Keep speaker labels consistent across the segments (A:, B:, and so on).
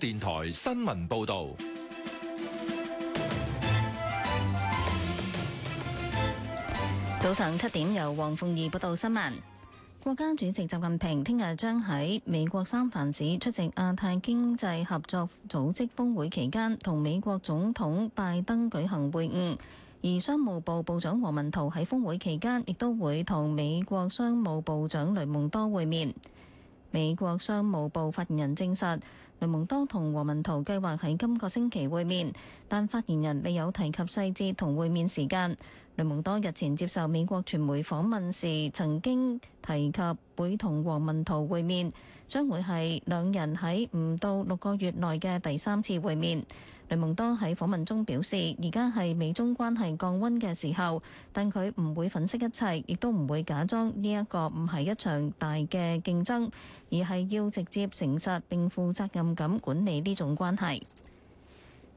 A: 電台新聞報道，
B: 早上七點由黃鳳儀報道新聞。國家主席習近平聽日將喺美國三藩市出席亞太經濟合作組織峰會期間，同美國總統拜登舉行會晤。而商務部部長王文濤喺峰會期間亦都會同美國商務部長雷蒙多會面。美國商務部發言人證實。雷蒙多同王文濤計劃喺今個星期會面，但發言人未有提及細節同會面時間。雷蒙多日前接受美國傳媒訪問時曾經提及會同王文濤會面，將會係兩人喺唔到六個月內嘅第三次會面。雷蒙多喺訪問中表示，而家係美中關係降溫嘅時候，但佢唔會粉飾一切，亦都唔會假裝呢一個唔係一場大嘅競爭，而係要直接誠實並負責任咁管理呢種關係。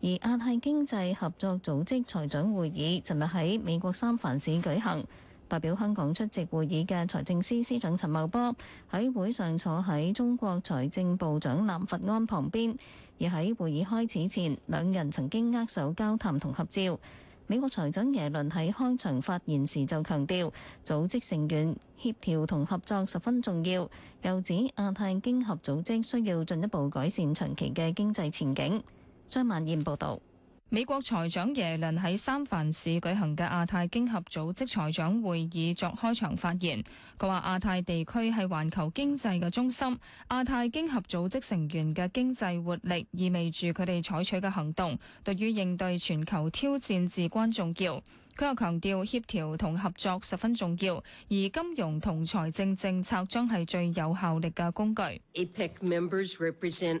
B: 而亞太經濟合作組織財長會議尋日喺美國三藩市舉行，代表香港出席會議嘅財政司司長陳茂波喺會上坐喺中國財政部長藍佛安旁邊，而喺會議開始前，兩人曾經握手交談同合照。美國財長耶倫喺開場發言時就強調，組織成員協調同合作十分重要，又指亞太經合組織需要進一步改善長期
C: 嘅經濟前景。張曼燕報道，美國財長耶倫喺三藩市舉行嘅亞太經合組織財長會議作開場發言，佢話亞太地區係環球經濟嘅中心，亞太經合組織成員嘅經濟活力意味住佢哋採取嘅行動，對於應對全球挑戰至關重要。佢又強調協調同合作十分重要，而金融同財政政策將係最有效力嘅工具。
B: APEC members represent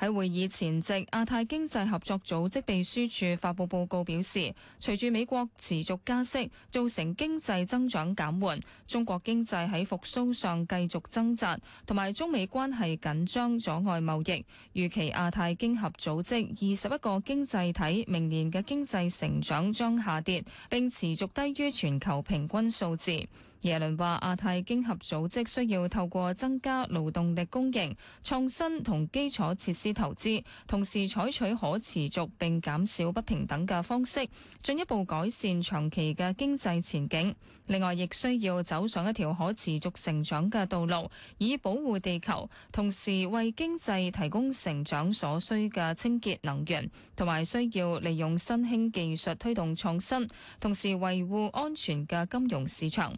C: 喺會議前夕，亞太經濟合作組織秘書處發布報告表示，隨住美國持續加息，造成經濟增長減緩。中國經濟喺復甦上繼續掙扎，同埋中美關係緊張，阻礙貿易。預期亞太經合組織二十一個經濟體明年嘅經濟成長將下跌，並持續低於全球平均數字。耶倫話：亞太經合組織需要透過增加勞動力供應、創新同基礎設施投資，同時採取可持續並減少不平等嘅方式，進一步改善長期嘅經濟前景。另外，亦需要走上一條可持續成長嘅道路，以保護地球，同時為經濟提供成長所需嘅清潔能源，同埋需要利用新興技術推動創新，同時維護安全嘅金融市場。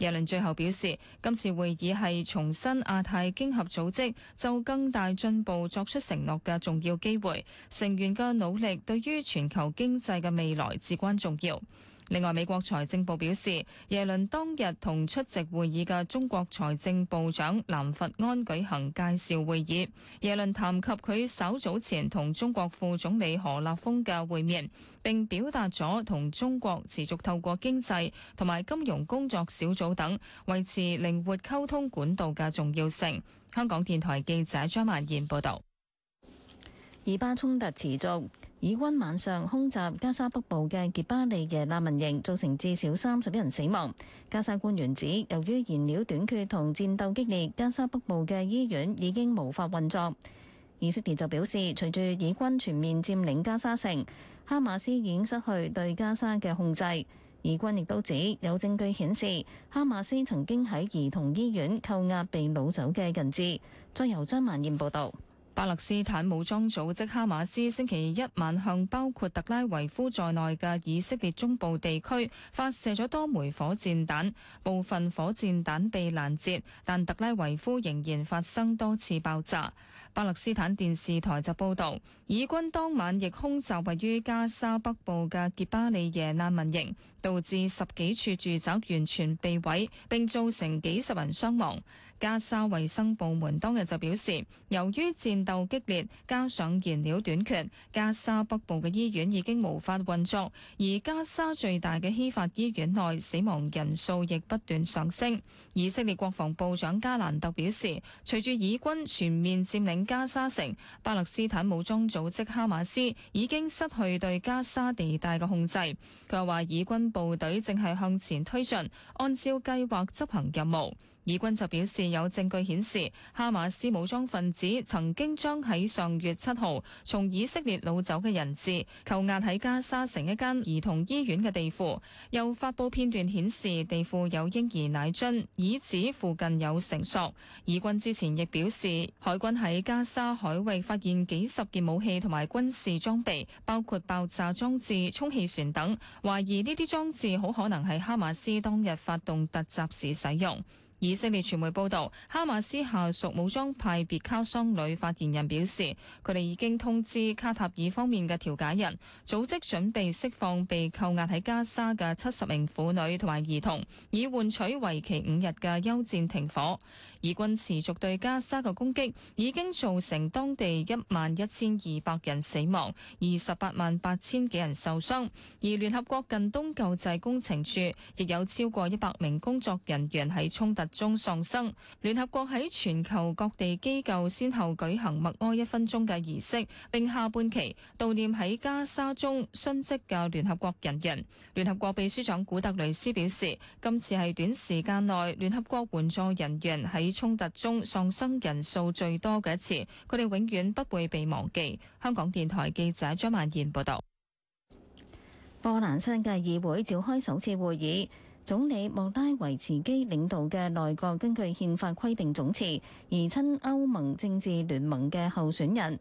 C: 耶倫最後表示，今次會議係重申亞太經合組織就更大進步作出承諾嘅重要機會，成員嘅努力對於全球經濟嘅未來至關重要。另外，美國財政部表示，耶倫當日同出席會議嘅中國財政部長藍佛安舉行介紹會議。耶倫談及佢稍早前同中國副總理何立峰嘅會面，並表達咗同中國持續透過經濟同埋金融工作小組等維持靈活溝通管道嘅重要性。香港電台記者張曼燕報道。
B: 以巴衝突持續，以軍晚上空襲加沙北部嘅傑巴利耶難民營，造成至少三十一人死亡。加沙官員指，由於燃料短缺同戰鬥激烈，加沙北部嘅醫院已經無法運作。以色列就表示，隨住以軍全面佔領加沙城，哈馬斯已經失去對加沙嘅控制。以軍亦都指有證據顯示，哈馬斯曾經喺兒童醫院扣押被擄走嘅人質。再由張萬燕報
C: 道。巴勒斯坦武裝組織哈馬斯星期一晚向包括特拉維夫在內嘅以色列中部地區發射咗多枚火箭彈，部分火箭彈被攔截，但特拉維夫仍然發生多次爆炸。巴勒斯坦電視台就報道，以軍當晚亦空襲位於加沙北部嘅傑巴利耶難民營，導致十幾處住宅完全被毀，並造成幾十人傷亡。加沙衛生部門當日就表示，由於戰鬥激烈，加上燃料短缺，加沙北部嘅醫院已經無法運作，而加沙最大嘅希法醫院內死亡人數亦不斷上升。以色列國防部長加蘭特表示，隨住以軍全面佔領加沙城，巴勒斯坦武裝組織哈馬斯已經失去對加沙地帶嘅控制。佢話：以軍部隊正係向前推進，按照計劃執行任務。以軍就表示，有證據顯示哈馬斯武裝分子曾經將喺上月七號從以色列擄走嘅人質扣押喺加沙城一間兒童醫院嘅地庫，又發布片段顯示地庫有嬰兒奶樽，椅子附近有繩索。以軍之前亦表示，海軍喺加沙海域發現幾十件武器同埋軍事裝備，包括爆炸裝置、充氣船等，懷疑呢啲裝置好可能係哈馬斯當日發動突襲時使用。以色列傳媒報導，哈馬斯下屬武裝派別卡桑女發言人表示，佢哋已經通知卡塔爾方面嘅調解人，組織準備釋放被扣押喺加沙嘅七十名婦女同埋兒童，以換取為期五日嘅休戰停火。以軍持續對加沙嘅攻擊已經造成當地一萬一千二百人死亡，二十八萬八千幾人受傷，而聯合國近東救濟工程處亦有超過一百名工作人員喺衝突。中喪生，聯合國喺全球各地機構先後舉行默哀一分鐘嘅儀式，並下半旗悼念喺加沙中殉職嘅聯合國人員。聯合國秘書長古特雷斯表示，今次係短時間內聯合國援助人員喺衝突中喪生人數最多嘅一次，佢哋永遠不會被忘記。香港電台記者張曼燕報道。
B: 波蘭新嘅議會召開首次會議。總理莫拉維茨基領導嘅內閣根據憲法規定總辭，而親歐盟政治聯盟嘅候選人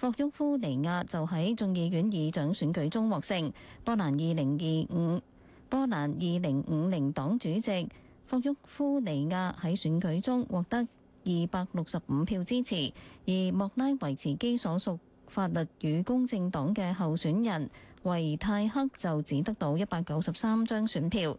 B: 霍沃夫尼亞就喺眾議院議長選舉中獲勝。波蘭二零二五、波蘭二零五零黨主席霍沃夫尼亞喺選舉中獲得二百六十五票支持，而莫拉維茨基所屬法律與公正黨嘅候選人維泰克就只得到一百九十三張選票。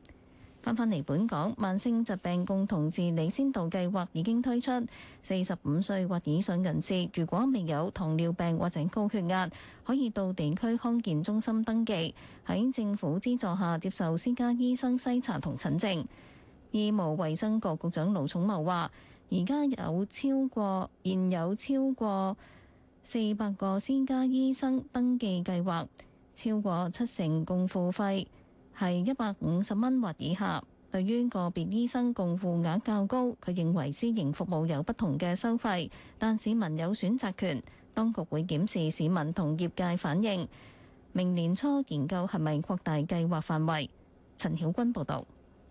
B: 翻返嚟本港，慢性疾病共同治理先導計劃已經推出。四十五歲或以上人士，如果未有糖尿病或者高血壓，可以到地區康健、健康中心登記，喺政府資助下接受私家醫生篩查同診症。醫務衛生局局、局長盧寵茂話，而家有超過現有超過四百個私家醫生登記計劃超過七成共付費係一百五十蚊或以下。對於個別醫生共付額較高，佢認為私營服務有不同嘅收費，但市民有選擇權。當局會檢視市民同業界反應，明年初研究係咪擴大計劃範圍。陳曉君報導。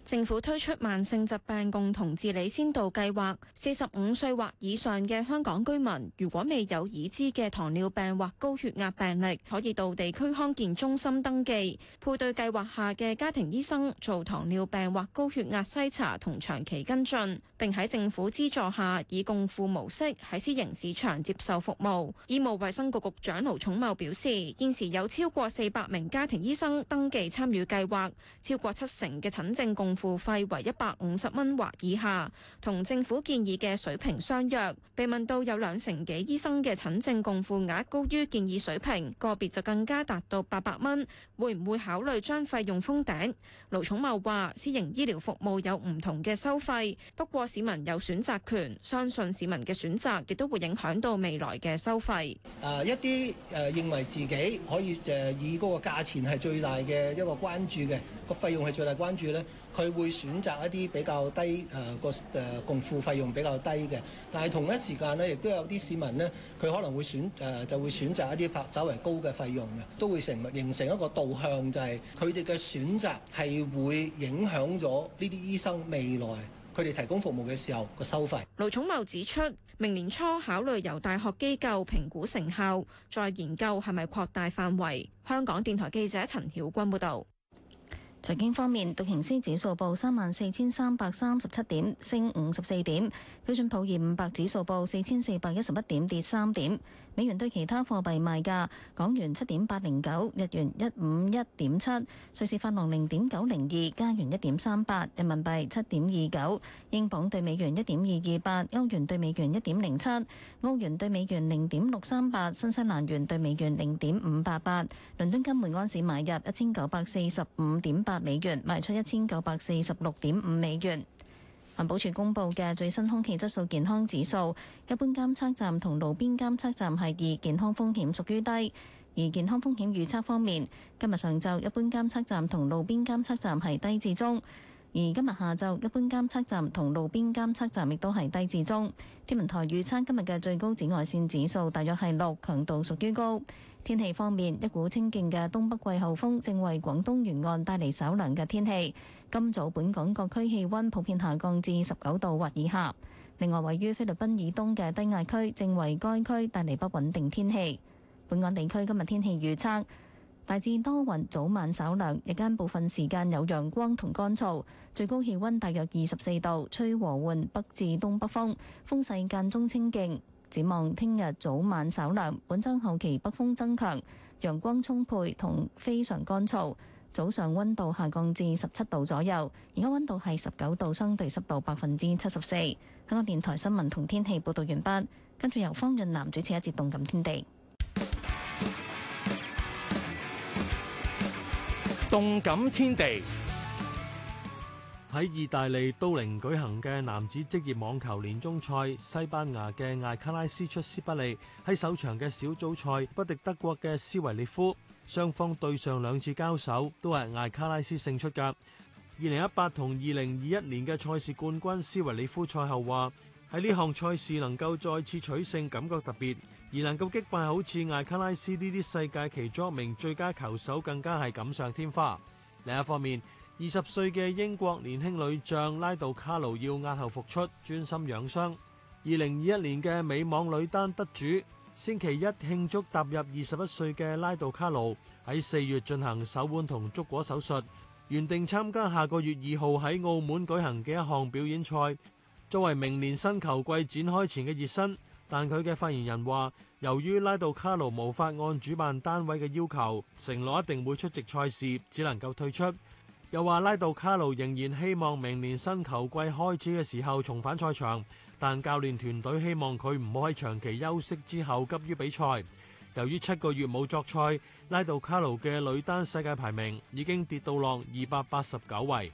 B: 政府推出慢性
D: 疾病共同治理先導計劃，四十五歲或以上嘅香港居民，如果未有已知嘅糖尿病或高血壓病歷，可以到地區康健中心登記。配對計劃下嘅家庭醫生做糖尿病或高血壓篩查同長期跟進，並喺政府資助下以共付模式喺私營市場接受服務。醫務衛生局局長盧寵茂表示，現時有超過四百名家庭醫生登記參與計劃，超過七成嘅診症共。共付費為一百五十蚊或以下，同政府建議嘅水平相若。被問到有兩成幾醫生嘅診症共付額高於建議水平，個別就更加達到八百蚊，會唔會考慮將費用封頂？盧寵茂話：私營醫療服務有唔同嘅收費，不過市民有選擇權，相信市民嘅選擇亦都會影響到未來嘅收費。
A: 誒，一啲誒認為自己可以誒以嗰個價錢係最大嘅一個關注嘅、個費用係最大關注咧。佢會選擇一啲比較低誒個誒共付費用比較低嘅，但係同一時間咧，亦都有啲市民咧，佢可能會選誒、呃、就會選擇一啲稍為高嘅費用嘅，都會成形成一個導向，就係佢哋嘅選擇係會影響咗呢啲醫生未來佢哋提供服務嘅時候個收費。
D: 盧寵茂指出，明年初考慮由大學機構評估成效，再研究係咪擴大範圍。香港電台記者
B: 陳曉君報道。財經方面，道瓊斯指數報3萬4337點，升54點；標準普爾500指數報4411點，跌3點。美元對其他貨幣賣價：港元7.809，日元151.7，瑞士法郎0.902，加元1.38，人民幣7.29，英鎊對美元1.228，歐元對美元1.07，澳元對美元0.638，新西蘭元對美元0.588。倫敦金每安士買入1,945.8八美元賣出一千九百四十六點五美元。環保署公布嘅最新空氣質素健康指數，一般監測站同路邊監測站係二健康風險屬於低。而健康風險預測方面，今日上晝一般監測站同路邊監測站係低至中，而今日下晝一般監測站同路邊監測站亦都係低至中。天文台預測今日嘅最高紫外線指數大約係六，強度屬於高。天氣方面，一股清勁嘅東北季候風正為廣東沿岸帶嚟稍涼嘅天氣。今早本港各區氣温普遍下降至十九度或以下。另外，位於菲律賓以東嘅低壓區正為該區帶嚟不穩定天氣。本港地區今日天氣預測大致多雲，早晚稍涼，日間部分時間有陽光同乾燥，最高氣温大約二十四度，吹和緩北至東北風，風勢間中清勁。展望聽日早晚稍涼，本週後期北風增強，陽光充沛同非常乾燥。早上溫度下降至十七度左右，而家温度係十九度，相對濕度百分之七十四。香港電台新聞同天氣報導完畢，跟住由方潤南主持一節動感天地。
A: 動感天地。喺意大利都靈舉行嘅男子職業網球年終賽，西班牙嘅艾卡拉斯出師不利，喺首場嘅小組賽不敵德國嘅斯維利夫。雙方對上兩次交手都係艾卡拉斯勝出㗎。二零一八同二零二一年嘅賽事冠軍斯維利夫賽後話：喺呢項賽事能夠再次取勝，感覺特別；而能夠擊敗好似艾卡拉斯呢啲世界其中一名最佳球手，更加係錦上添花。另一方面，二十歲嘅英國年輕女將拉杜卡努要押後復出，專心養傷。二零二一年嘅美網女單得主，星期一慶祝踏入二十一歲嘅拉杜卡努喺四月進行手腕同足踝手術，原定參加下個月二號喺澳門舉行嘅一項表演賽，作為明年新球季展開前嘅熱身。但佢嘅發言人話，由於拉杜卡努無法按主辦單位嘅要求承諾一定會出席賽事，只能夠退出。又話拉杜卡奴仍然希望明年新球季開始嘅時候重返賽場，但教練團隊希望佢唔好喺長期休息之後急於比賽。由於七個月冇作賽，拉杜卡奴嘅女單世界排名已經跌到落二百八十九位。